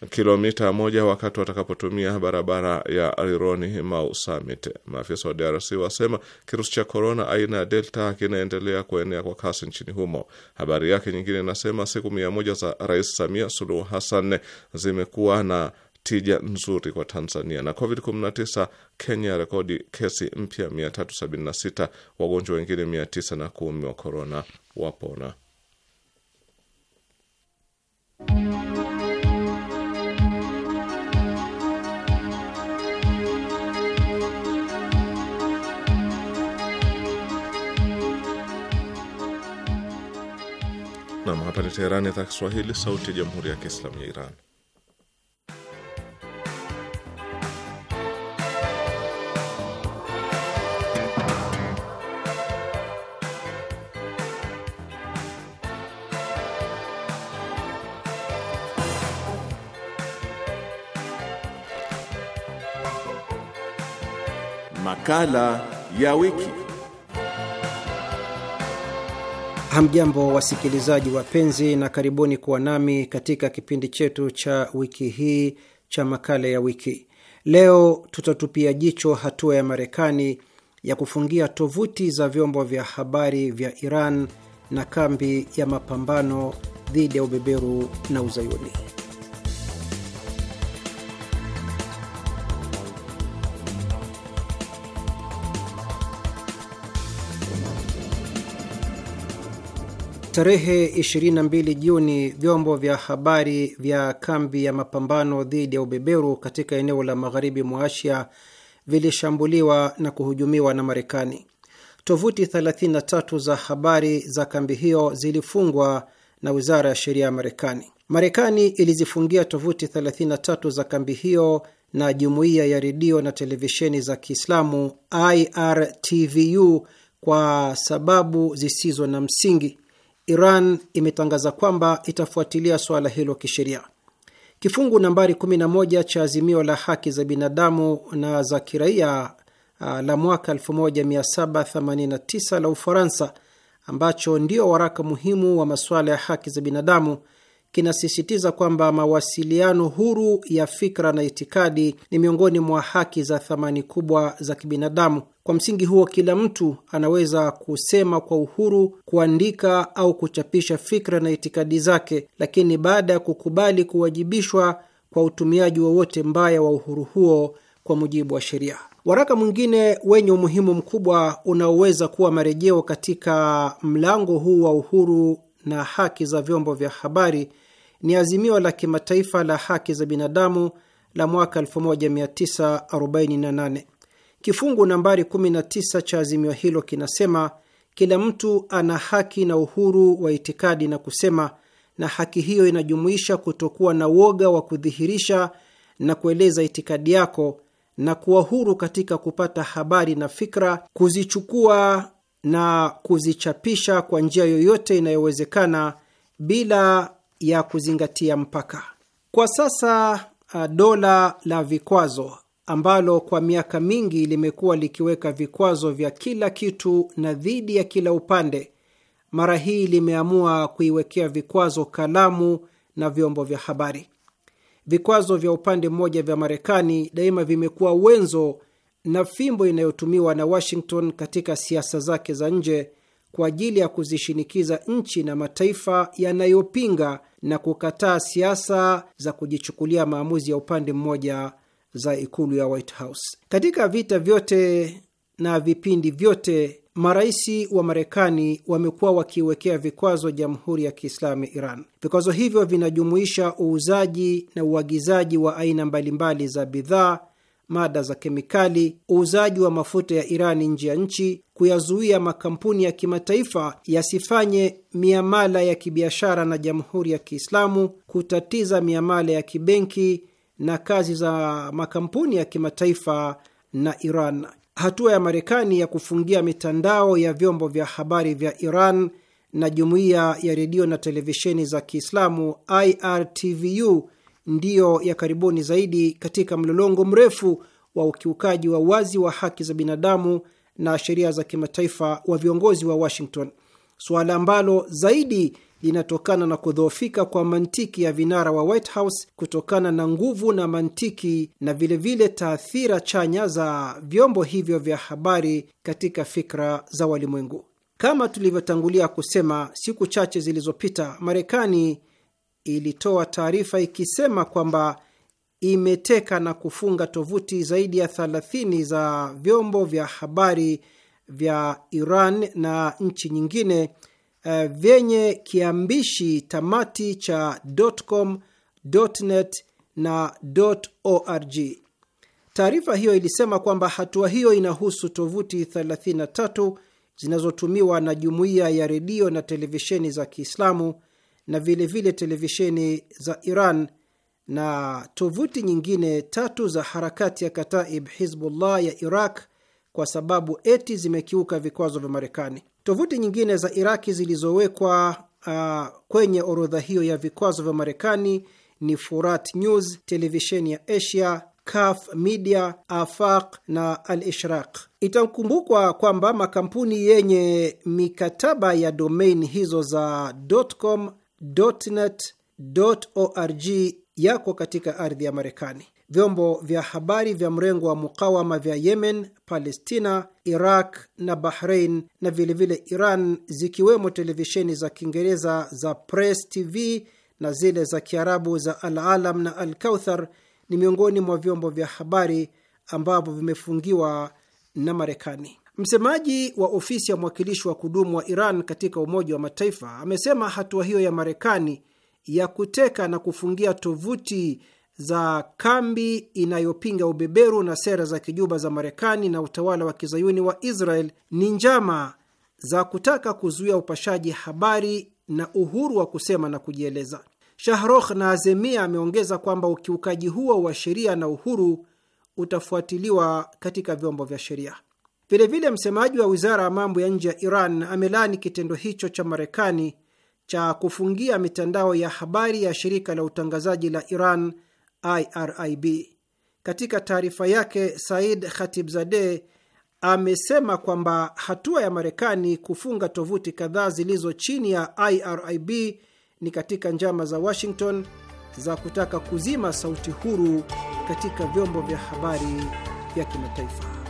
kilomita moja wakati watakapotumia barabara ya Rironi Mau Summit. Maafisa wa DRC wasema kirusi cha korona aina ya Delta kinaendelea kuenea kwa kasi nchini humo. Habari yake nyingine inasema siku mia moja za Rais Samia Suluhu Hassan zimekuwa na tija nzuri kwa Tanzania. Na COVID-19, Kenya rekodi kesi mpya 376, wagonjwa wengine 910 wa korona wapona. Nam, hapa ni Teherani, idhaa Kiswahili, sauti ya jamhuri ya kiislamu ya Iran. Makala ya wiki. Hamjambo wasikilizaji wapenzi, na karibuni kuwa nami katika kipindi chetu cha wiki hii cha makala ya wiki. Leo tutatupia jicho hatua ya Marekani ya kufungia tovuti za vyombo vya habari vya Iran na kambi ya mapambano dhidi ya ubeberu na uzayuni. Tarehe 22 Juni, vyombo vya habari vya kambi ya mapambano dhidi ya ubeberu katika eneo la magharibi mwa Asia vilishambuliwa na kuhujumiwa na Marekani. Tovuti 33 za habari za kambi hiyo zilifungwa na wizara ya sheria ya Marekani. Marekani ilizifungia tovuti 33 za kambi hiyo na jumuiya ya redio na televisheni za Kiislamu IRTVU kwa sababu zisizo na msingi. Iran imetangaza kwamba itafuatilia suala hilo kisheria. Kifungu nambari 11 cha azimio la haki za binadamu na za kiraia uh, la mwaka 1789 la Ufaransa, ambacho ndio waraka muhimu wa masuala ya haki za binadamu, kinasisitiza kwamba mawasiliano huru ya fikra na itikadi ni miongoni mwa haki za thamani kubwa za kibinadamu. Kwa msingi huo, kila mtu anaweza kusema kwa uhuru, kuandika au kuchapisha fikra na itikadi zake, lakini baada ya kukubali kuwajibishwa kwa utumiaji wowote mbaya wa uhuru huo kwa mujibu wa sheria. Waraka mwingine wenye umuhimu mkubwa unaoweza kuwa marejeo katika mlango huu wa uhuru na haki za vyombo vya habari ni azimio la kimataifa la haki za binadamu la mwaka 1948. Kifungu nambari 19 cha azimio hilo kinasema, kila mtu ana haki na uhuru wa itikadi na kusema, na haki hiyo inajumuisha kutokuwa na woga wa kudhihirisha na kueleza itikadi yako na kuwa huru katika kupata habari na fikra, kuzichukua na kuzichapisha kwa njia yoyote inayowezekana bila ya kuzingatia mpaka. Kwa sasa uh, dola la vikwazo ambalo kwa miaka mingi limekuwa likiweka vikwazo vya kila kitu na dhidi ya kila upande, mara hii limeamua kuiwekea vikwazo kalamu na vyombo vya habari. Vikwazo vya upande mmoja vya Marekani daima vimekuwa wenzo na fimbo inayotumiwa na Washington katika siasa zake za nje kwa ajili ya kuzishinikiza nchi na mataifa yanayopinga na kukataa siasa za kujichukulia maamuzi ya upande mmoja za ikulu ya White House. Katika vita vyote na vipindi vyote, marais wa Marekani wamekuwa wakiwekea vikwazo Jamhuri ya Kiislamu ya Iran. Vikwazo hivyo vinajumuisha uuzaji na uagizaji wa aina mbalimbali za bidhaa, mada za kemikali, uuzaji wa mafuta ya Irani nje ya nchi, kuyazuia makampuni ya kimataifa yasifanye miamala ya kibiashara na Jamhuri ya Kiislamu, kutatiza miamala ya kibenki na kazi za makampuni ya kimataifa na Iran. Hatua ya Marekani ya kufungia mitandao ya vyombo vya habari vya Iran na jumuiya ya redio na televisheni za Kiislamu IRTVU ndiyo ya karibuni zaidi katika mlolongo mrefu wa ukiukaji wa wazi wa haki za binadamu na sheria za kimataifa wa viongozi wa Washington, suala ambalo zaidi linatokana na kudhoofika kwa mantiki ya vinara wa White House kutokana na nguvu na mantiki na vilevile taathira chanya za vyombo hivyo vya habari katika fikra za walimwengu. Kama tulivyotangulia kusema siku chache zilizopita, Marekani ilitoa taarifa ikisema kwamba imeteka na kufunga tovuti zaidi ya 30 za vyombo vya habari vya Iran na nchi nyingine uh, vyenye kiambishi tamati cha .com, .net na .org. Taarifa hiyo ilisema kwamba hatua hiyo inahusu tovuti 33 zinazotumiwa na jumuiya ya redio na televisheni za Kiislamu na vilevile vile televisheni za Iran na tovuti nyingine tatu za harakati ya Kataib Hizbullah ya Iraq kwa sababu eti zimekiuka vikwazo vya Marekani. Tovuti nyingine za Iraki zilizowekwa uh, kwenye orodha hiyo ya vikwazo vya Marekani ni Furat News, televisheni ya Asia, Kaf Media, Afaq na Al Ishraq. Itakumbukwa kwamba makampuni yenye mikataba ya domain hizo za .com, .net, .org yako katika ardhi ya Marekani. Vyombo vya habari vya mrengo wa mukawama vya Yemen, Palestina, Iraq na Bahrain na vilevile vile Iran, zikiwemo televisheni za Kiingereza za Press TV na zile za Kiarabu za Al Alam na Al Kauthar ni miongoni mwa vyombo vya habari ambavyo vimefungiwa na Marekani. Msemaji wa ofisi ya mwakilishi wa kudumu wa Iran katika Umoja wa Mataifa amesema hatua hiyo ya Marekani ya kuteka na kufungia tovuti za kambi inayopinga ubeberu na sera za kijuba za Marekani na utawala wa kizayuni wa Israel ni njama za kutaka kuzuia upashaji habari na uhuru wa kusema na kujieleza. Shahrokh na Azemia ameongeza kwamba ukiukaji huo wa sheria na uhuru utafuatiliwa katika vyombo vya sheria. Vilevile, msemaji wa wizara ya mambo ya nje ya Iran amelaani kitendo hicho cha Marekani cha kufungia mitandao ya habari ya shirika la utangazaji la Iran IRIB. Katika taarifa yake, Said Khatibzadeh amesema kwamba hatua ya Marekani kufunga tovuti kadhaa zilizo chini ya IRIB ni katika njama za Washington za kutaka kuzima sauti huru katika vyombo vya habari vya kimataifa.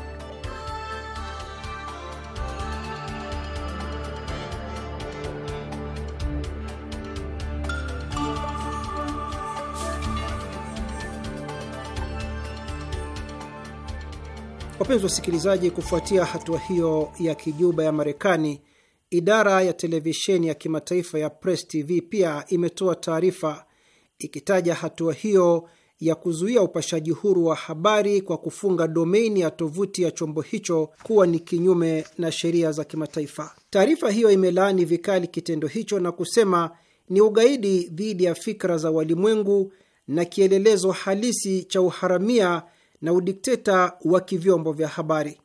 Wapenzi wasikilizaji, kufuatia hatua hiyo ya kijuba ya Marekani, idara ya televisheni ya kimataifa ya Press TV pia imetoa taarifa ikitaja hatua hiyo ya kuzuia upashaji huru wa habari kwa kufunga domeni ya tovuti ya chombo hicho kuwa ni kinyume na sheria za kimataifa. Taarifa hiyo imelaani vikali kitendo hicho na kusema ni ugaidi dhidi ya fikra za walimwengu na kielelezo halisi cha uharamia na udikteta wa kivyombo vya habari.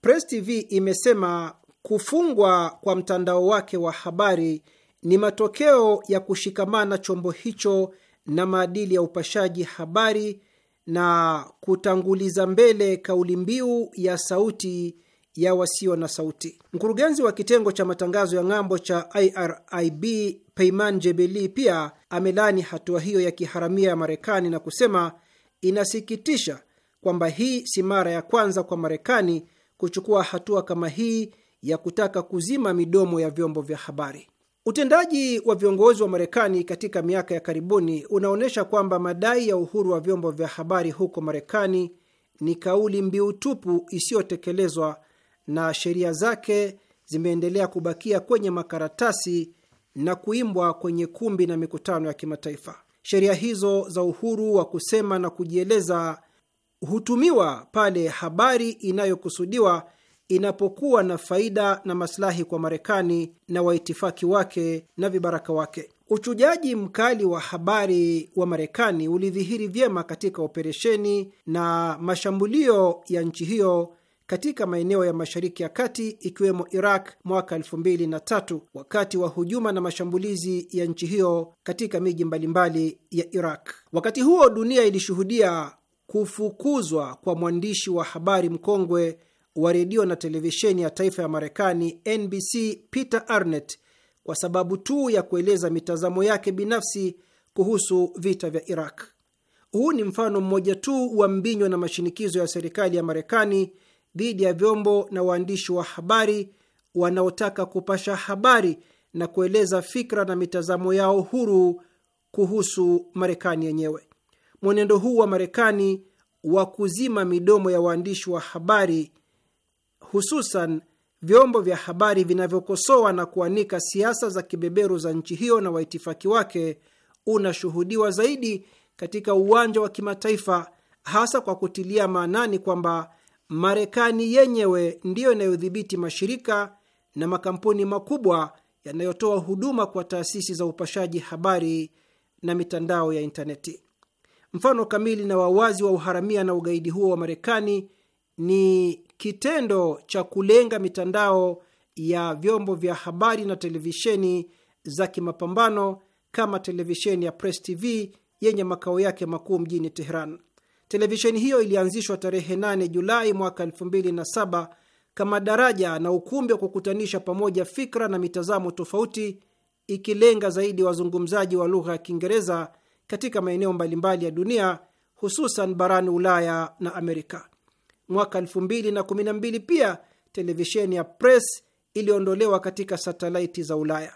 Press TV imesema kufungwa kwa mtandao wake wa habari ni matokeo ya kushikamana chombo hicho na maadili ya upashaji habari na kutanguliza mbele kauli mbiu ya sauti ya wasio na sauti. Mkurugenzi wa kitengo cha matangazo ya ng'ambo cha IRIB Peyman Jebeli pia amelani hatua hiyo ya kiharamia ya Marekani na kusema inasikitisha kwamba hii si mara ya kwanza kwa Marekani kuchukua hatua kama hii ya kutaka kuzima midomo ya vyombo vya habari. Utendaji wa viongozi wa Marekani katika miaka ya karibuni unaonyesha kwamba madai ya uhuru wa vyombo vya habari huko Marekani ni kauli mbiu tupu isiyotekelezwa na sheria zake zimeendelea kubakia kwenye makaratasi na kuimbwa kwenye kumbi na mikutano ya kimataifa. Sheria hizo za uhuru wa kusema na kujieleza hutumiwa pale habari inayokusudiwa inapokuwa na faida na maslahi kwa Marekani na waitifaki wake na vibaraka wake. Uchujaji mkali wa habari wa Marekani ulidhihiri vyema katika operesheni na mashambulio ya nchi hiyo katika maeneo ya Mashariki ya Kati ikiwemo Iraq mwaka elfu mbili na tatu wakati wa hujuma na mashambulizi ya nchi hiyo katika miji mbalimbali ya Iraq. Wakati huo dunia ilishuhudia kufukuzwa kwa mwandishi wa habari mkongwe wa redio na televisheni ya taifa ya Marekani NBC Peter Arnett kwa sababu tu ya kueleza mitazamo yake binafsi kuhusu vita vya Iraq. Huu ni mfano mmoja tu wa mbinywa na mashinikizo ya serikali ya Marekani dhidi ya vyombo na waandishi wa habari wanaotaka kupasha habari na kueleza fikra na mitazamo yao huru kuhusu Marekani yenyewe mwenendo huu wa Marekani wa kuzima midomo ya waandishi wa habari, hususan vyombo vya habari vinavyokosoa na kuanika siasa za kibeberu za nchi hiyo na waitifaki wake, unashuhudiwa zaidi katika uwanja wa kimataifa, hasa kwa kutilia maanani kwamba Marekani yenyewe ndiyo inayodhibiti mashirika na makampuni makubwa yanayotoa huduma kwa taasisi za upashaji habari na mitandao ya intaneti. Mfano kamili na wawazi wa uharamia na ugaidi huo wa Marekani ni kitendo cha kulenga mitandao ya vyombo vya habari na televisheni za kimapambano kama televisheni ya Press TV yenye makao yake makuu mjini Tehran. Televisheni hiyo ilianzishwa tarehe 8 Julai mwaka 2007 kama daraja na ukumbi wa kukutanisha pamoja fikra na mitazamo tofauti, ikilenga zaidi wazungumzaji wa lugha ya Kiingereza katika maeneo mbalimbali ya dunia hususan barani Ulaya na Amerika. Mwaka 2012 pia televisheni ya Press iliondolewa katika satelaiti za Ulaya.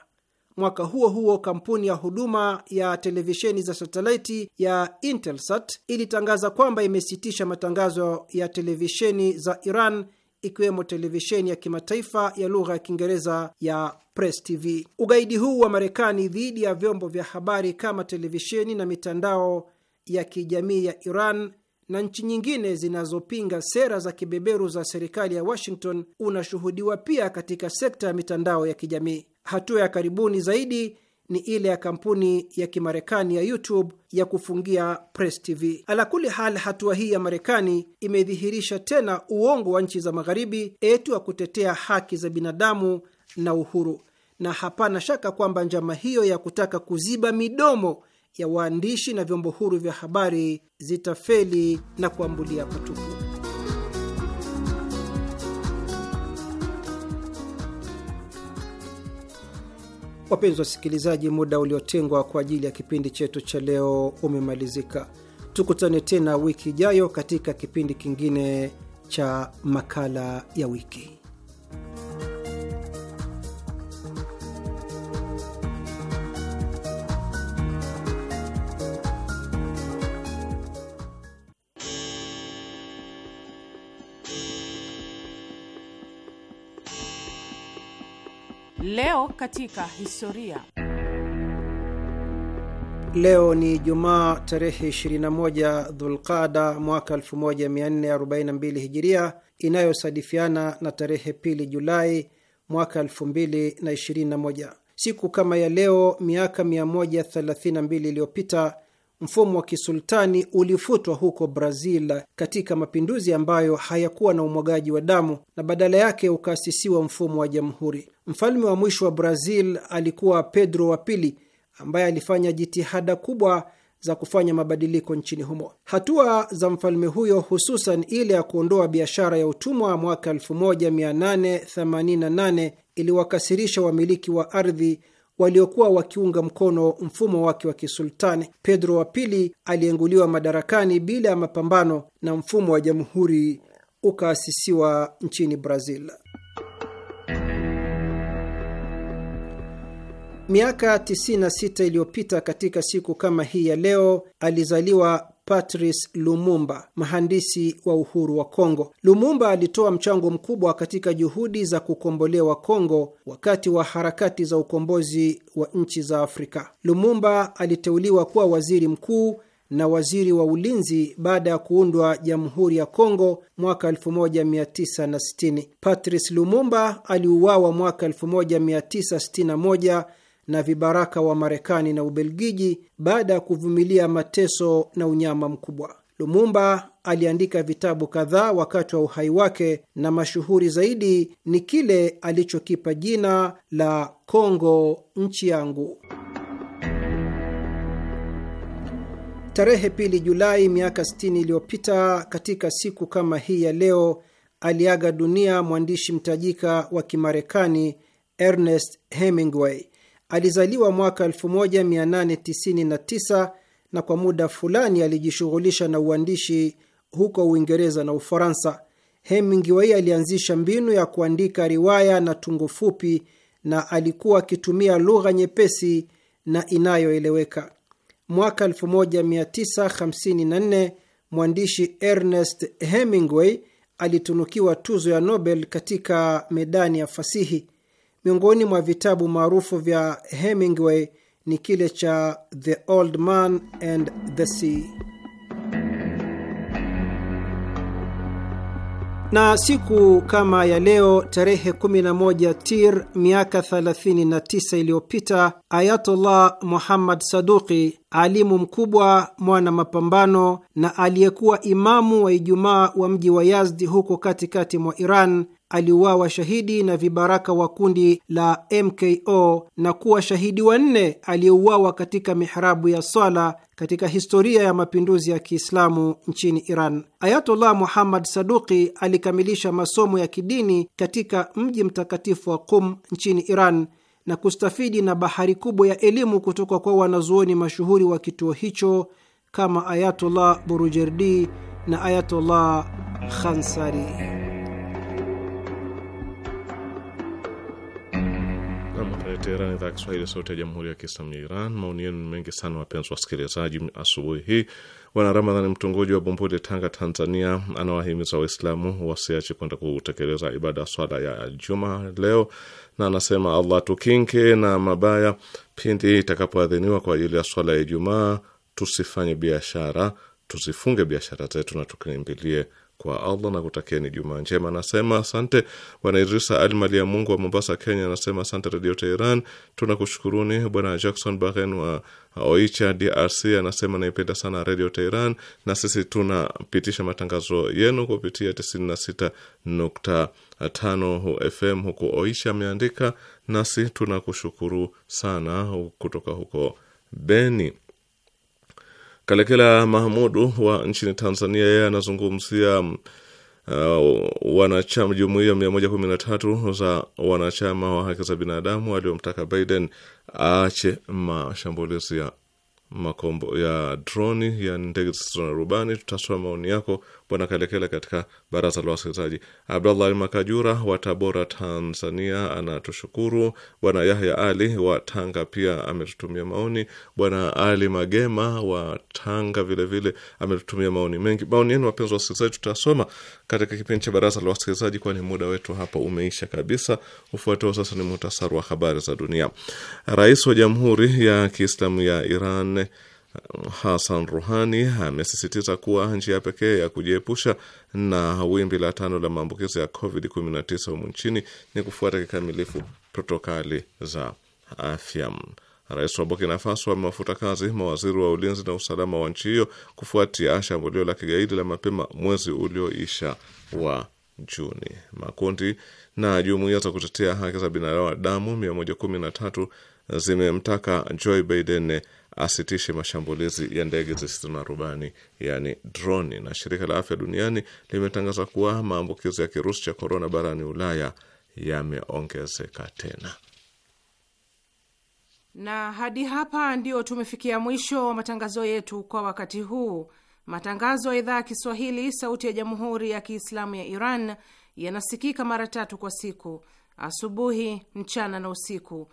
Mwaka huo huo kampuni ya huduma ya televisheni za satelaiti ya Intelsat ilitangaza kwamba imesitisha matangazo ya televisheni za Iran ikiwemo televisheni ya kimataifa ya lugha ya Kiingereza ya Press TV. Ugaidi huu wa Marekani dhidi ya vyombo vya habari kama televisheni na mitandao ya kijamii ya Iran na nchi nyingine zinazopinga sera za kibeberu za serikali ya Washington unashuhudiwa pia katika sekta ya mitandao ya kijamii. Hatua ya karibuni zaidi ni ile ya kampuni ya Kimarekani ya YouTube ya kufungia Press TV. Alakuli hal, hatua hii ya Marekani imedhihirisha tena uongo wa nchi za Magharibi etu wa kutetea haki za binadamu na uhuru, na hapana shaka kwamba njama hiyo ya kutaka kuziba midomo ya waandishi na vyombo huru vya habari zitafeli na kuambulia patupu. Wapenzi wasikilizaji, muda uliotengwa kwa ajili ya kipindi chetu cha leo umemalizika. Tukutane tena wiki ijayo katika kipindi kingine cha makala ya wiki. Leo katika historia. Leo ni Jumaa tarehe 21 Dhulqada mwaka 1442 Hijiria, inayosadifiana na tarehe pili Julai mwaka 2021. Siku kama ya leo miaka 132 iliyopita mfumo wa kisultani ulifutwa huko Brazil katika mapinduzi ambayo hayakuwa na umwagaji wa damu na badala yake ukaasisiwa mfumo wa jamhuri. Mfalme wa mwisho wa Brazil alikuwa Pedro wa Pili, ambaye alifanya jitihada kubwa za kufanya mabadiliko nchini humo. Hatua za mfalme huyo, hususan ile ya kuondoa biashara ya utumwa mwaka 1888, iliwakasirisha wamiliki wa ardhi waliokuwa wakiunga mkono mfumo wake wa kisultani. Pedro wa pili alienguliwa madarakani bila ya mapambano na mfumo wa jamhuri ukaasisiwa nchini Brazil. Miaka 96 iliyopita katika siku kama hii ya leo alizaliwa Patrice Lumumba, mhandisi wa uhuru wa Kongo. Lumumba alitoa mchango mkubwa katika juhudi za kukombolewa Kongo wakati wa harakati za ukombozi wa nchi za Afrika. Lumumba aliteuliwa kuwa waziri mkuu na waziri wa ulinzi baada ya kuundwa Jamhuri ya Kongo mwaka 1960. Patrice Lumumba aliuawa mwaka 1961 na vibaraka wa Marekani na Ubelgiji baada ya kuvumilia mateso na unyama mkubwa. Lumumba aliandika vitabu kadhaa wakati wa uhai wake na mashuhuri zaidi ni kile alichokipa jina la Kongo nchi yangu. Tarehe pili Julai miaka 60 iliyopita katika siku kama hii ya leo aliaga dunia mwandishi mtajika wa Kimarekani Ernest Hemingway. Alizaliwa mwaka 1899 na kwa muda fulani alijishughulisha na uandishi huko Uingereza na Ufaransa. Hemingway alianzisha mbinu ya kuandika riwaya na tungo fupi na alikuwa akitumia lugha nyepesi na inayoeleweka. Mwaka 1954 mwandishi Ernest Hemingway alitunukiwa tuzo ya Nobel katika medani ya fasihi. Miongoni mwa vitabu maarufu vya Hemingway ni kile cha The Old Man and the Sea. Na siku kama ya leo tarehe 11 Tir miaka 39 iliyopita, Ayatullah Muhammad Saduqi, alimu mkubwa, mwana mapambano na aliyekuwa imamu wa Ijumaa wa mji wa Yazdi huko katikati mwa Iran, aliuawa shahidi na vibaraka wa kundi la MKO na kuwa shahidi wanne aliyeuawa katika mihrabu ya swala katika historia ya mapinduzi ya Kiislamu nchini Iran. ayatollah Muhammad Saduqi alikamilisha masomo ya kidini katika mji mtakatifu wa Qum nchini Iran na kustafidi na bahari kubwa ya elimu kutoka kwa wanazuoni mashuhuri wa kituo hicho kama ayatollah Burujerdi na ayatollah Khansari. Teherani, idhaa ya Kiswahili, sauti ya jamhuri ya kiislamu ya Iran. Maoni yenu ni mengi sana, wapenzi wasikilizaji. Asubuhi hii Bwana Ramadhani Mtunguji wa Bumbuli, Tanga, Tanzania, anawahimiza Waislamu wasiache kwenda kutekeleza ibada swala ya juma leo, na anasema Allah tukinge na mabaya pindi itakapoadhiniwa kwa ajili ya swala ya Ijumaa, tusifanye biashara, tusifunge biashara zetu na tukimbilie kwa Allah na kutakieni Jumaa njema. Anasema asante. Bwana Idrisa Al Mali ya Mungu wa Mombasa, Kenya anasema asante Radio Teheran, tunakushukuruni. Bwana Jackson Bahen wa Oicha, DRC anasema naipenda sana Radio Teheran na sisi tunapitisha matangazo yenu kupitia 96.5 FM huko Oicha, ameandika nasi tunakushukuru sana kutoka huko Beni. Kalekela Mahmudu wa nchini Tanzania, yeye anazungumzia uh, wanachama jumuiya tatu za wanachama wa haki za binadamu waliomtaka Biden aache mashambulizi ya makombo ya droni ya ndege zisizo na rubani. Tutasoma maoni yako Bwana kalekele katika baraza la wasikilizaji. Abdallah Makajura wa Tabora, Tanzania, anatushukuru. Bwana Yahya Ali wa Tanga pia ametutumia maoni. Bwana Ali Magema wa Tanga vilevile ametutumia maoni mengi. Maoni yenu wapenzi wa wasikilizaji, tutasoma katika kipindi cha baraza la wasikilizaji, kwani muda wetu hapa umeisha kabisa. Ufuatao sasa ni muhtasari wa habari za dunia. Rais wa Jamhuri ya Kiislamu ya Iran Hassan Ruhani amesisitiza kuwa njia pekee ya kujiepusha na wimbi la tano la maambukizi ya COVID-19 humu nchini ni kufuata kikamilifu protokali za afya. Rais wa Burkina Faso amewafuta kazi mawaziri wa ulinzi na usalama wa nchi hiyo kufuatia shambulio la kigaidi la mapema mwezi ulioisha wa Juni. Makundi na jumuiya za kutetea haki za binadamu 113 zimemtaka Joe Biden asitishe mashambulizi ya ndege zisizo na rubani yani droni. Na shirika la afya duniani limetangaza kuwa maambukizi ya kirusi cha korona barani Ulaya yameongezeka tena. Na hadi hapa ndio tumefikia mwisho wa matangazo yetu kwa wakati huu. Matangazo ya idhaa ya Kiswahili sauti ya jamhuri ya Kiislamu ya Iran yanasikika mara tatu kwa siku: asubuhi, mchana na usiku